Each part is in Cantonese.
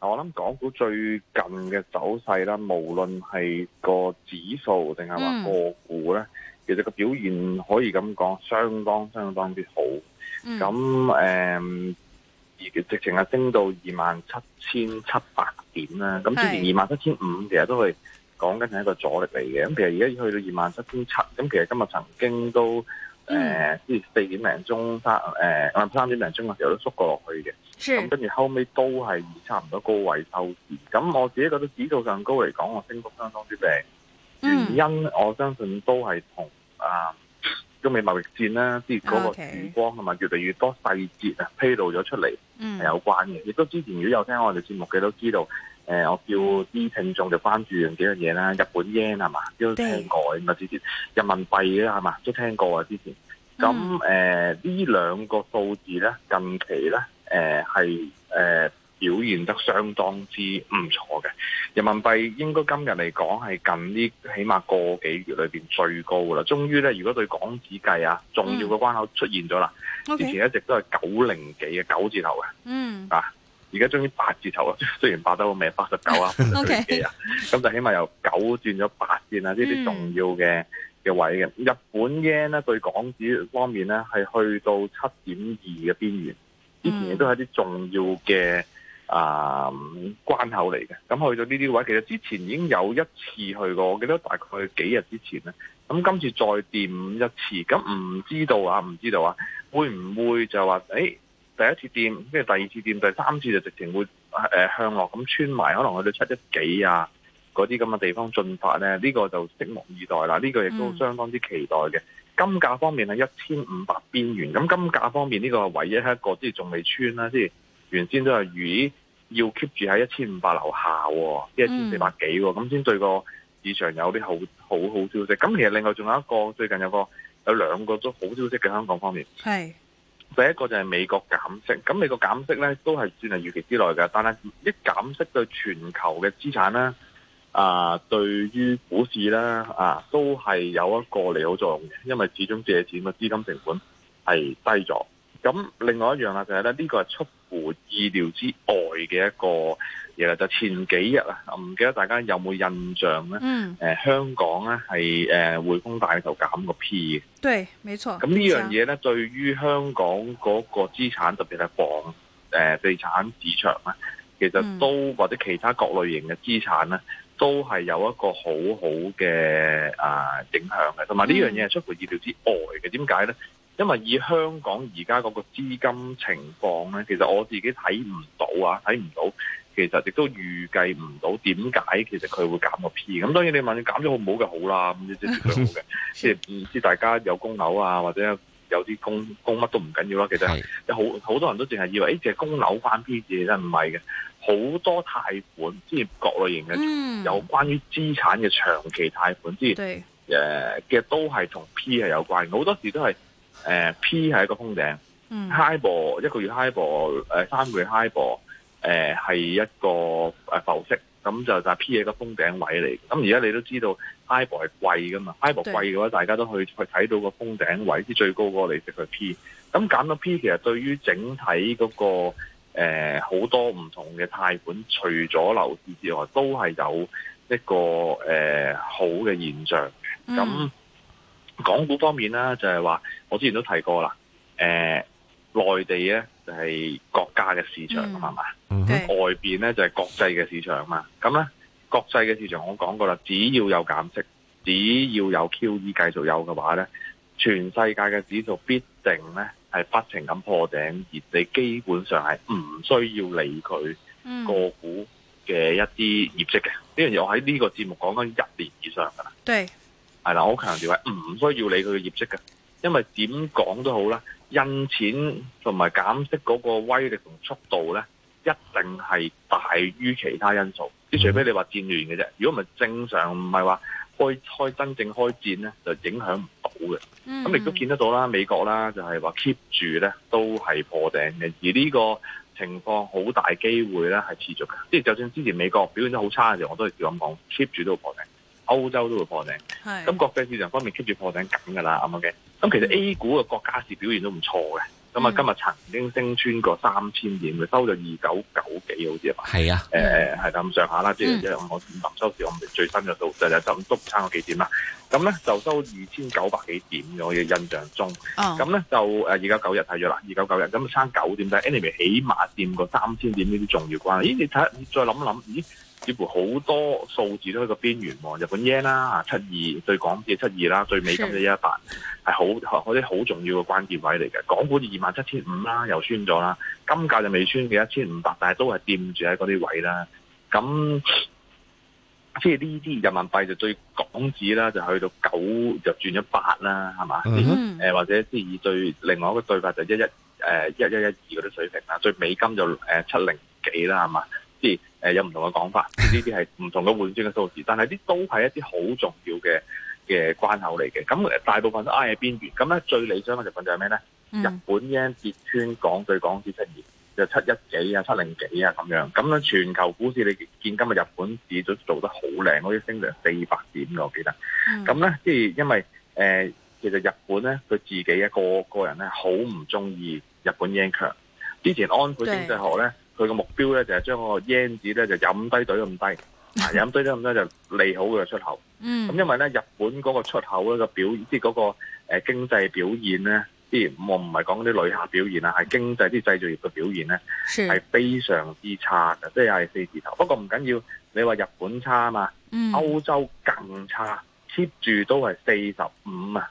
我諗港股最近嘅走勢啦，無論係個指數定係話個股咧，嗯、其實個表現可以咁講，相當相當之好。咁誒、嗯，那嗯、而直情係升到二萬七千七百點啦。咁之前二萬七千五其實都係講緊係一個阻力嚟嘅。咁其實而家去到二萬七千七，咁其實今日曾經都。誒，即係、嗯、四點零鐘三誒，三點零鐘嘅時候都縮過落去嘅，咁跟住後尾都係差唔多高位收市，咁我自己覺得指數上高嚟講，我升幅相當之靚，原因我相信都係同啊中美貿易戰啦，即係嗰個曙光同埋 Okay, 越嚟越多細節啊披露咗出嚟係有關嘅，亦都之前如果有聽我哋節目嘅都知道。誒、嗯呃，我叫啲聽眾就關注幾樣嘢啦。日本 yen 係嘛，都聽過咁啊！之前人民幣咧係嘛，都聽過啊！之前咁誒，嗯呃、兩數呢兩個數字咧，近期咧誒係誒表現得相當之唔錯嘅。人民幣應該今日嚟講係近啲，起碼個幾月裏面最高啦。終於咧，如果對港紙計啊，重要嘅關口出現咗啦。嗯 okay. 之前一直都係九零幾嘅九字頭嘅，嗯啊。而家終於八字頭啦，雖然八都未八十九啊，咁 Okay. 就起碼由九轉咗八線啊，呢啲重要嘅嘅、mm. 位嘅。日本 yen 對港紙方面呢，係去到七點二嘅邊緣，之前亦都係啲重要嘅啊、呃、關口嚟嘅。咁去到呢啲位，其實之前已經有一次去過，我記得大概幾日之前咧，咁今次再掂一次，咁唔知道啊，唔知道啊，會唔會就話第一次掂，跟住第二次掂，第三次就直情會誒、呃、向落咁穿埋，可能去到七一幾啊，嗰啲咁嘅地方進發咧，呢、這個就拭目以待啦。呢、這個亦都相當之期待嘅。嗯、金價方面係一千五百邊緣。咁金價方面呢個唯一係一個即係仲未穿啦，即係原先都係預要 keep 住喺一千五百樓下，一千四百幾喎，咁先、嗯、對個市場有啲好好好消息。咁其實另外仲有一個最近有個有兩個都好消息嘅香港方面，係。第一個就係美國減息，咁美國減息咧都係算係預期之內嘅，但係一減息對全球嘅資產啦，啊，對於股市啦，啊，都係有一個利好作用嘅，因為始終借錢嘅資金成本係低咗。咁另外一樣啦就係、係、咧，呢、呢個係出乎意料之外嘅一個嘢就前幾日啊，唔記得大家有冇印象呢？誒，香港呢係誒匯豐大頭減個 P 嘅，對，冇錯。咁呢樣嘢呢，對於香港嗰個資產，特別係房誒地產市場呢，其實都或者其他各類型嘅資產呢，都係有一個好好嘅啊影響嘅。同埋呢樣嘢係出乎意料之外嘅，點解呢？因為以香港而家嗰個資金情況咧，其實我自己睇唔到啊，睇唔到，其實亦都預計唔到點解其實佢會減個 P。咁當然你問佢減咗好唔好嘅好啦，咁即係絕對好嘅，即係唔知，知大家有供樓啊，或者有啲供供乜都唔緊要啦。其實有的好好多人都淨係以為咦、哎，只係供樓返 P 字，」真係唔係嘅，好多貸款，即係各類型嘅、嗯、有關於資產嘅長期貸款之，誒嘅對都係同 P 係有關，好多時都係。誒、呃、P 係一個封頂，HIBOR 一個月 HIBOR 誒三個月 HIBOR 誒係一個誒浮息。咁就但係 P 係一個封頂位嚟，咁而家你都知道 HIBOR 係貴噶嘛，HIBOR 貴嘅話，大家都去去睇到個封頂位，即、嗯、最高嗰個利息佢 P，咁揀到 P 其實對於整體嗰、嗰個好、呃、多唔同嘅貸款，除咗樓市之外，都係有一個誒、呃、好嘅現象，咁。嗯港股方面咧，就係、是、話我之前都提過啦，誒、呃，內地咧就係、是、國家嘅市場啊嘛，咁、嗯、吧外邊咧就係、是、國際嘅市場嘛，咁、嗯、咧國際嘅市場我講過啦，只要有減息，只要有 QE 繼續有嘅話咧，全世界嘅指數必定咧係不停咁破頂，而你基本上係唔需要理佢個股嘅一啲業績嘅，呢樣嘢我喺呢個節目講緊一年以上噶啦。對。係啦，我好強調係唔需要理佢嘅業績嘅，因為點講都好啦，印錢同埋減息嗰個威力同速度咧，一定係大於其他因素。即除非你話戰亂嘅啫，如果唔係正常，唔係話開開真正開戰咧，就影響唔、mm hmm. 到嘅。咁亦都見得到啦，美國啦就係話 keep 住咧都係破頂嘅，而呢個情況好大機會咧係持續嘅。即係就算之前美國表現得好差嘅時候，我都係咁講，keep 住都破頂。歐洲都會破頂，咁國際市場方面 keep 住破頂緊㗎啦。咁啊，咁、嗯、其實 A 股嘅國家市表現都唔錯嘅。咁啊、嗯，今日曾經升穿過三千點，佢收咗二九九幾，好似係嘛？係啊，係咁、呃、上下啦，即係即我午收市我咪最新嘅數就就咁篤差個幾點啦。咁咧就收二千九百幾點嘅，我嘅印象中。咁咧、嗯、就二九九日睇咗啦，二九九日咁差九點就 anyway 起碼掂過三千點呢啲重要關口。咦？你睇，你再諗一諗，咦？似乎好多數字都喺個邊緣喎，日本 yen 啦，七二對港紙七二啦，對美金就一八，係好嗰啲好重要嘅關鍵位嚟嘅。港股二萬七千五啦，又穿咗啦，金價就未穿嘅一千五百，但係都係掂住喺嗰啲位啦。咁即係呢啲人民幣就對港紙啦，就去到九就轉咗八啦，係嘛、mm？Hmm. 誒或者即係以對另外一個對法就一一誒一一一二嗰啲水平啦，對美金就誒七零幾啦，係嘛？即係。有唔同嘅講法，呢啲係唔同嘅換算嘅數字，但係啲都係一啲好重要嘅嘅關口嚟嘅。咁大部分都喺邊緣。咁咧最理想嘅、嗯、日本就係咩咧？日本英 e 跌穿港對港紙七二，就係、七一幾，七零幾啊，七零幾啊咁樣。咁咧全球股市你見今日日本市都做得好靚，好似升咗四百點㗎，我記得。咁咧即係因為誒、呃，其實日本咧佢自己一個一個人咧好唔中意日本英強強。之前安倍經濟學咧。佢個目標咧就係、是、將個 yen 字呢，咧就飲低隊咁低， 飲低隊咁低，就利好佢嘅出口。咁、嗯、因為咧日本嗰個出口呢、就是那個表現，即係嗰個誒經濟表現咧，即、欸、前我唔係講啲旅客表現啊，係經濟啲製造業嘅表現咧，係是非常之差嘅，即係又係四字頭。不過唔緊要，你話日本差啊嘛，嗯、歐洲更差，貼住都係四十五啊。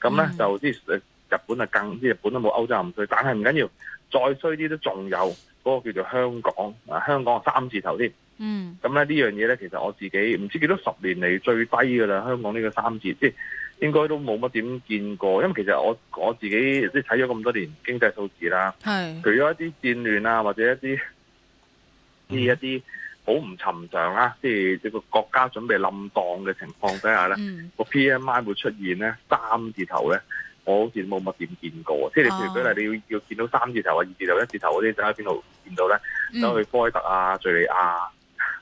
咁咧、嗯、就啲日本啊，更日本都冇歐洲咁衰，但係唔緊要，再衰啲都仲有。多叫做香港，香港三字頭添。嗯，咁咧呢樣嘢咧，其實我自己唔知幾多十年嚟最低噶啦。香港呢個三字即係應該都冇乜點見過，因為其實我我自己即係睇咗咁多年經濟數字啦，係除咗一啲戰亂啊，或者一啲呢、嗯、一啲好唔尋常啦、啊，即、就、係、是、一個國家準備冧檔嘅情況底下咧，個 PMI 會出現咧三字頭咧。我好似冇乜點見過即係、oh. 你譬如舉例，你要要見到三字頭啊、二字頭、一字頭嗰啲，就喺邊度見到咧？走、mm. 去科威特啊、敍利亞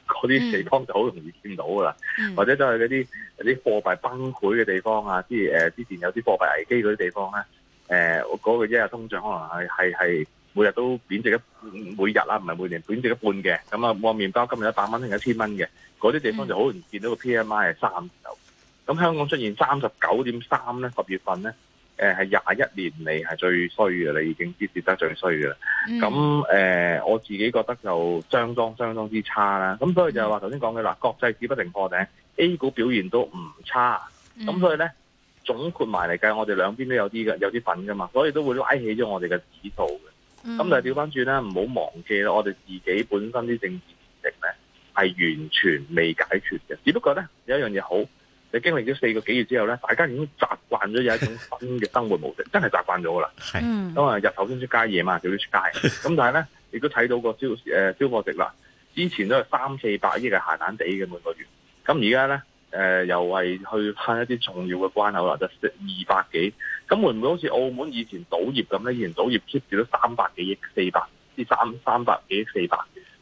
嗰啲地方就好容易見到噶啦，mm. 或者走去嗰啲嗰啲貨幣崩潰嘅地方啊，即之前有啲貨幣危機嗰啲地方咧，誒、呃、嗰、那個一日通脹可能係係每日都貶值一每日啦、啊，唔係每年貶值一半嘅，咁啊，個麵包今日一百蚊升一千蚊嘅，嗰啲地方就好容易見到個 P M I 係三字咁香港出現三十九點三咧，十月份咧。誒，係廿一年嚟，係最衰嘅啦，已經跌跌得最衰嘅啦。咁誒、嗯呃，我自己覺得就相當相當之差啦。咁所以就係話頭先講嘅啦，國際指不停破頂，A 股表現都唔差。咁、嗯、所以咧，總括埋嚟計，我哋兩邊都有啲嘅，有啲份噶嘛，所以都會拉起咗我哋嘅指數嘅。咁、嗯、但係調翻轉咧，唔好忘記啦，我哋自己本身啲政治唔定咧，係完全未解決嘅。只不過咧，有一樣嘢好。你經歷咗四個幾月之後咧，大家已經習慣咗有一種新嘅生活模式， 真係習慣咗噶啦。咁啊，日頭先出街，夜晚就要出街。咁 但係咧，亦都睇到個消誒消貨值啦。之前都係三四百億係閒閒地嘅每個月。咁而家咧誒，又係去翻一啲重要嘅關口啦，就是、二百幾。咁會唔會好似澳門以前賭業咁咧？以前賭業 keep 住咗三百幾億、四百啲三三百幾億、四百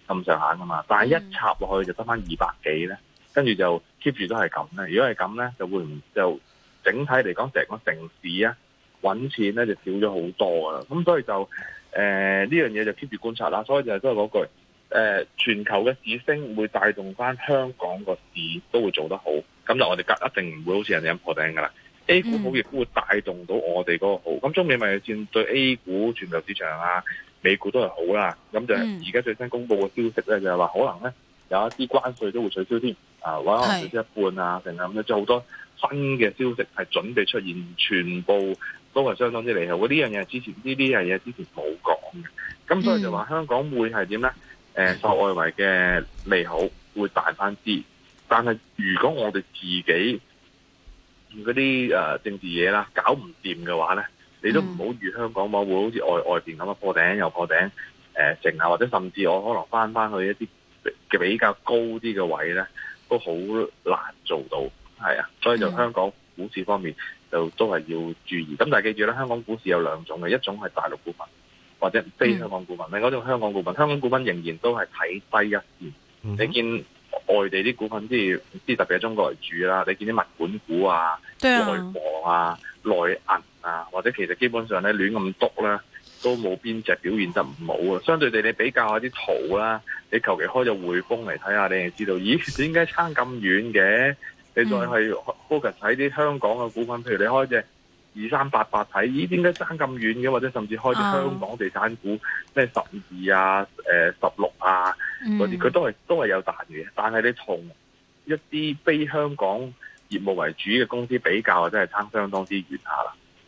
咁上下噶嘛。但係一插落去就得翻二百幾咧。跟住就 keep 住都係咁咧，如果係咁咧，就會唔就整體嚟講成個城市啊搵錢咧就少咗好多噶啦，咁所以就誒呢、呃、樣嘢就 keep 住觀察啦。所以就都係嗰句誒、呃，全球嘅市升會帶動翻香港個市都會做得好，咁就我哋隔一定唔會好似人哋咁破頂噶啦。A 股好亦都會帶動到我哋嗰個好，咁、嗯、中美貿易戰對 A 股全球市場啊，美股都係好啦、啊。咁就係而家最新公布嘅消息咧，就係、是、話可能咧。有一啲關稅都會取消添，啊，或者取消一半啊，定係咁咧，即係好多新嘅消息係準備出現，全部都係相當之利好。呢啲樣嘢之前呢啲樣嘢之前冇講嘅，咁所以就話香港會係點咧？誒、嗯，受外圍嘅利好會大翻啲，但係如果我哋自己嗰啲誒政治嘢啦搞唔掂嘅話咧，你都唔好預香港會會好似外外邊咁啊破頂又破頂，誒靜啊，或者甚至我可能翻翻去一啲。比較高啲嘅位咧，都好難做到，係啊，所以就香港股市方面就都係要注意。咁但係記住咧，香港股市有兩種嘅，一種係大陸股份或者非香港股份，另一種香港股份。香港股份仍然都係睇低一線。嗯、哼你見外地啲股份，即係即係特別係中國嚟住啦，你見啲物管股啊、內房啊，啊、內銀啊，或者其實基本上咧亂咁篤啦。都冇邊隻表現得唔好啊！相對地，你比較下啲圖啦，你求其開隻匯豐嚟睇下，你係知道，咦？點解差咁遠嘅？你再去 focus 睇啲香港嘅股份，譬如你開隻二三八八睇，咦？點解差咁遠嘅？或者甚至開隻香港地產股，咩十二啊、誒十六啊啲，佢都係都係有彈嘅。但係你從一啲非香港業務為主嘅公司比較，真係差相當之遠下啦。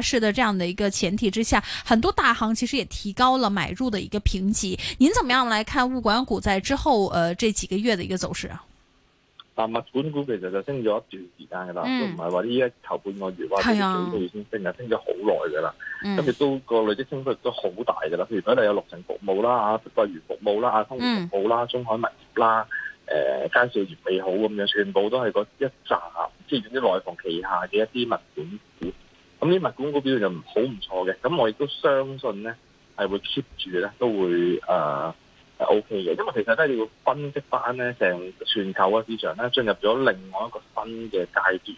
是的，這樣的一個前提之下，很多大行其實也提高了買入的一個評級。您怎麼樣來看物管股在之後，呃，這幾個月的一個走勢啊？物管股其實就升咗一段時間噶啦，唔係話呢頭半個月或者、啊、幾個月先升啊，升咗好耐噶啦。咁亦、嗯、都個累積升幅都好大噶啦。譬如嗰度有綠城服務啦、啊碧桂園服務啦、啊中海服務啦、嗯、中海物業啦、誒、呃，佳兆業美好咁樣，全部都係嗰一扎，即係總之內房旗下嘅一啲物管股。咁呢，物管股表現就唔好唔錯嘅，咁我亦都相信咧，係會 keep 住咧，都會誒，係、呃、OK 嘅。因為其實咧要分析翻咧，成全球嘅市場咧進入咗另外一個新嘅階段。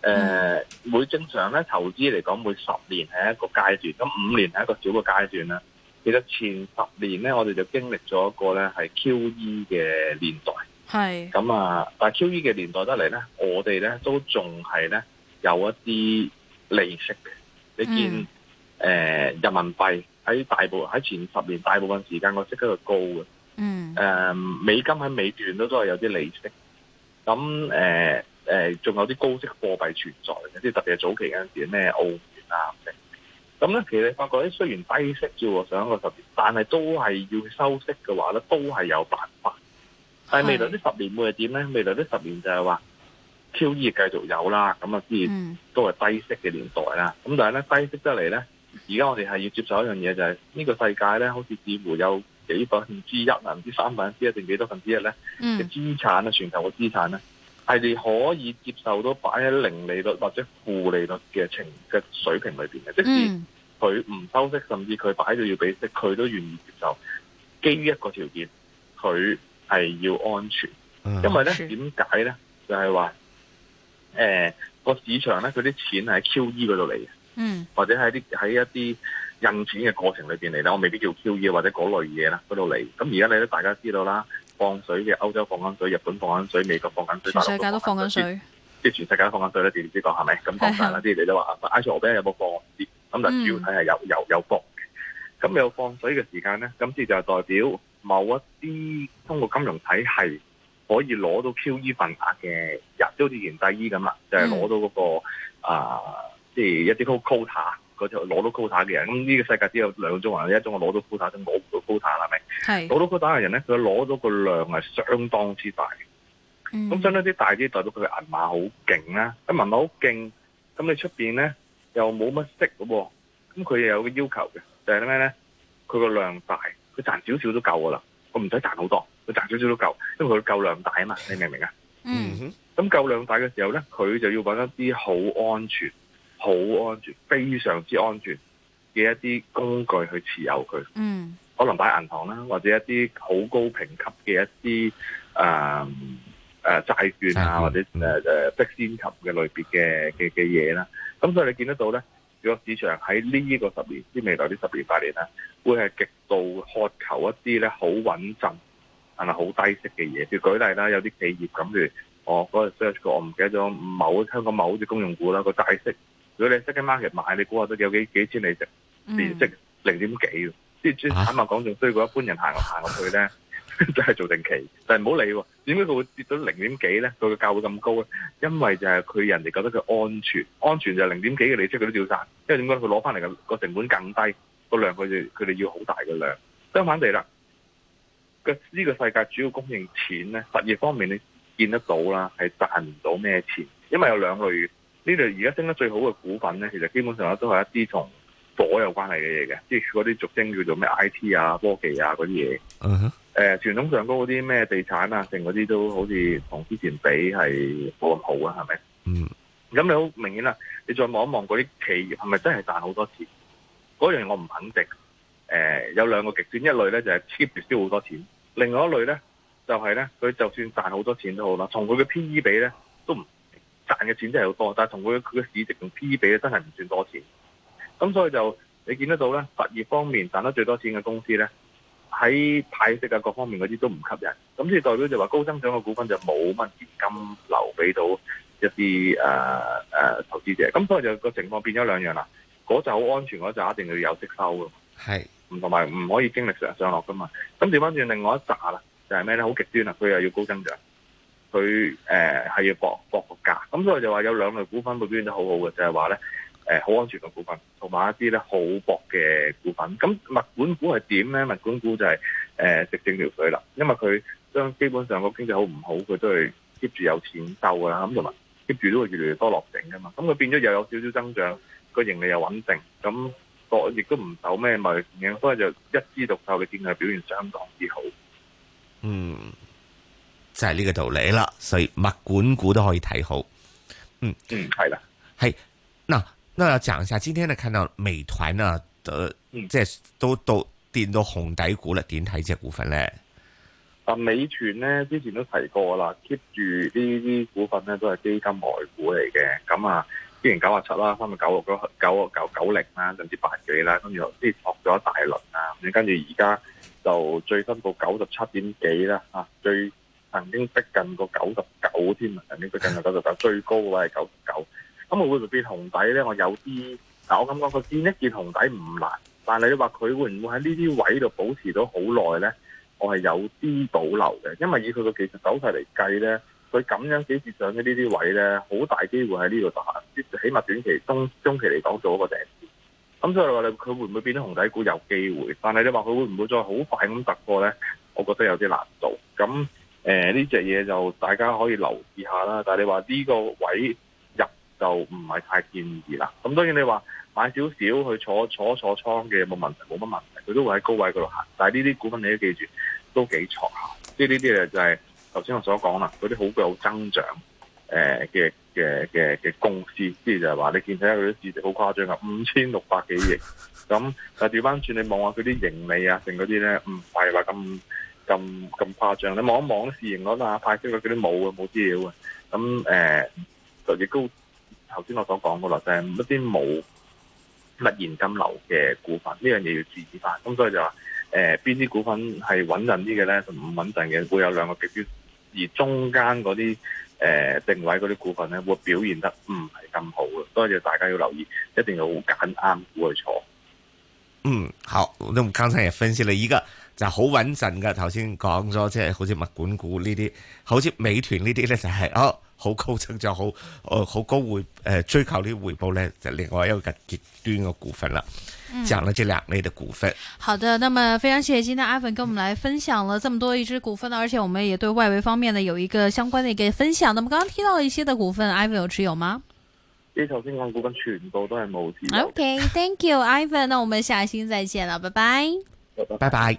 誒、呃。的每正常咧投資嚟講，每十年係一個階段，咁五年係一個小嘅階段啦。其實前十年咧，我哋就經歷咗一個咧係 QE 嘅年代。係的。咁啊，但 QE 嘅年代得嚟咧，我哋咧都仲係咧有一啲。利息嘅，你見誒、嗯呃、人民幣喺大部喺前十年大部分時間個息率係高嘅，誒、嗯呃、美金喺尾段都都係有啲利息，咁誒誒仲有啲高息貨幣存在嘅，即係特別係早期嗰陣時咩澳元啊，咁咧其實你發覺咧雖然低息啫喎上一個十年，但係都係要收息嘅話咧，都係有辦法。但係未來呢十年會係點咧？未來呢十年就係話。QE 繼續有啦，咁啊，雖然都係低息嘅年代啦，咁、嗯、但係咧低息得嚟咧，而家我哋係要接受一樣嘢，就係、是、呢個世界咧，好似似乎有幾百分之一，唔知三百分之一定幾多分之一咧嘅資產啊，嗯、全球嘅資產咧係哋可以接受到擺喺零利率或者負利率嘅情嘅水平裏邊嘅，即使佢唔收息，甚至佢擺到要俾息，佢都願意接受。基於一個條件，佢係要安全，嗯、因為咧點解咧？就係、是、話。誒、欸嗰個市場咧，佢啲錢係 QE 嗰度嚟，嗯、或者喺啲喺一啲印錢嘅過程裏面嚟咧，我未必叫 QE 或者嗰類嘢啦，嗰度嚟。咁而家你都大家都知道啦，放水嘅，歐洲放緊水，日本放緊水，美國放緊水，全世界都放緊水。水即全世界都放緊水咧，你哋知講係咪？咁放大啦，啲人哋都話啊 i c e l 有冇放？咁就主要睇係有有有放。咁有放水嘅、嗯、時間咧，咁即就代表某一啲通過金融體系。可以攞到 QE 份額嘅人，都好似前低依咁啦，就係、是、攞到嗰、那個、嗯、啊，即係一啲好 quota 嗰條攞到 quota 嘅人。咁、嗯、呢、這個世界只有兩種人，一種我攞到 quota，一種攞唔到 quota 係咪？攞是到 quota 嘅人咧，佢攞到個量係相當之大嘅。咁、嗯、相當啲大啲，代表佢嘅銀碼好勁啦。咁銀碼好勁，咁你出面咧又冇乜識喎，咁佢又有個要求嘅，就係咩咧？佢個量大，佢賺少少都夠噶啦。唔使賺好多，佢賺少少都夠，因為佢夠量大啊嘛，你明唔明啊？嗯，咁夠、嗯、量大嘅時候咧，佢就要揾一啲好安全、好安全、非常之安全嘅一啲工具去持有佢。嗯，可能擺喺銀行啦，或者一啲好高評級嘅一啲誒誒債券啊，券或者誒誒 A 級嘅類別嘅嘅嘅嘢啦。咁所以你見得到咧。如果市場喺呢個十年之未來呢十年八年咧，會係極度渴求一啲咧好穩陣，同埋好低息嘅嘢。即係舉例啦，有啲企業咁譬如，我嗰日 search 過，我唔記得咗某香港某啲公用股啦，個債息如果你即 secondary 買，你估下都有幾幾千釐息，年息零點幾嘅，即係坦白講，仲衰過一般人行落行落去咧。 就係做定期，但係唔好理，點解佢會跌到零點幾咧？佢個價會咁高咧？因為就係佢人哋覺得佢安全，安全就零點幾嘅利息佢都吊晒。因為點解佢攞翻嚟個個成本更低，個量佢哋佢哋要好大嘅量。相反地啦，個、這、呢個世界主要供應錢咧，實業方面你見得到啦，係賺唔到咩錢，因為有兩類呢度而家升得最好嘅股份咧，其實基本上都係一啲同火有關係嘅嘢嘅，即係嗰啲俗稱叫做咩 I T 啊、科技啊嗰啲嘢。Uh huh. 誒，傳、呃、統上高嗰啲咩地產啊，剩嗰啲都好似同之前比係冇咁好啊，係咪？嗯，咁你好明顯啦、啊，你再望一望嗰啲企業係咪真係賺好多錢？嗰樣嘢我唔肯定。誒、呃，有兩個極端，一類咧就係 keep 住燒好多錢，另外一類咧就係、是、咧，佢就算賺好多錢好都好啦，從佢嘅 P E 比咧都唔賺嘅錢真係好多，但係同佢佢嘅市值同 P E 比咧真係唔算多錢。咁所以就你見得到咧，實業方面賺得最多錢嘅公司咧。喺派息啊，各方面嗰啲都唔吸引，咁即係代表就話高增長嘅股份就冇乜資金留俾到一啲誒誒投資者，咁所以就個情況變咗兩樣啦。嗰扎好安全，嗰扎一定要有息收噶，係唔同埋唔可以經歷上上落噶嘛。咁調翻轉另外一扎啦，就係咩咧？好極端啊！佢又要高增長，佢誒係要博博個價，咁所以就話有兩類股份會表現得好好嘅，就係話咧誒好安全嘅股份。買一啲咧，好薄嘅股份，咁物管股係點咧？物管股就係誒食正條水啦，因為佢將基本上個經濟好唔好，佢都係 keep 住有錢收噶啦。咁同埋 keep 住都會越嚟越多落定噶嘛。咁佢變咗又有少少增長，個盈利又穩定，咁個亦都唔受咩物影響，所以就一枝獨秀嘅經濟表現相當之好。嗯，就係呢個道理啦，所以物管股都可以睇好。嗯嗯，係啦，係嗱。那講一下，今天咧看到美團呢，誒，即係都都跌到紅底股啦，點睇隻股份咧？啊，美團呢之前都提過啦，keep 住呢啲股份呢都係基金外股嚟嘅。咁啊，之前九啊七啦，翻到九啊九九啊九九零啦，甚至八幾啦，跟住啲挫咗一大輪啊。咁跟住而家就最新到九十七點幾啦，吓，最曾經逼近過九十九添啊，曾經逼近過九十九，最高嘅係九十九。咁我會唔會變紅底呢？我有啲，嗱我咁講佢見一見紅底唔難，但係你話佢會唔會喺呢啲位度保持到好耐呢？我係有啲保留嘅，因為以佢個技術走勢嚟計呢，佢咁樣幾次上咗呢啲位呢，好大機會喺呢度打，起碼短期中中期嚟講做一個頂。咁所以你話佢會唔會變咗紅底股有機會？但係你話佢會唔會再好快咁突破呢？我覺得有啲難做。咁誒呢隻嘢就大家可以留意下啦。但係你話呢個位？就唔係太建議啦。咁當然你話買少少去坐坐坐，坐倉嘅冇問題，冇乜問題。佢都會喺高位嗰度行。但係呢啲股份你都記住，都幾錯。即係呢啲嘢就係頭先我所講啦，嗰啲好有增長誒嘅嘅嘅嘅公司，即係就係、是、話你見睇下佢啲市值好誇張啊，五千六百幾億。咁但掉返轉你望下佢啲盈利啊，剩嗰啲咧唔係話咁咁咁誇張。你望一望市盈嗰度啊，派息佢啲冇啊，冇資料嘅。咁、呃、就越高。頭先我所講過啦，就係一啲冇乜現金流嘅股份，呢樣嘢要注意翻。咁所以就話誒，邊、呃、啲股份係穩陣啲嘅咧，就唔穩陣嘅，會有兩個極端。而中間嗰啲誒定位嗰啲股份咧，會表現得唔係咁好嘅。所以就大家要留意，一定要好揀啱股去坐。嗯，好。咁剛才又分析你而家就穩、就是、好穩陣嘅。頭先講咗，即係好似物管股呢啲，好似美團呢啲咧，就係哦。好高增就好，誒、呃、好高回誒、呃、追求啲回報呢。就另外一個極端嘅股份啦。嗯，講咗這兩類嘅股份。嗯、好的，那麼非常謝謝今天 Ivan 跟我們來分享了這麼多一支股份啦，而且我們也對外圍方面呢有一個相關嘅一個分享。那麼剛剛聽到一些嘅股份，Ivan 有持有嗎？啲頭先講股份全部都係冇持有。OK，Thank、okay, you，Ivan。 那我們下期再見啦，拜拜。拜拜。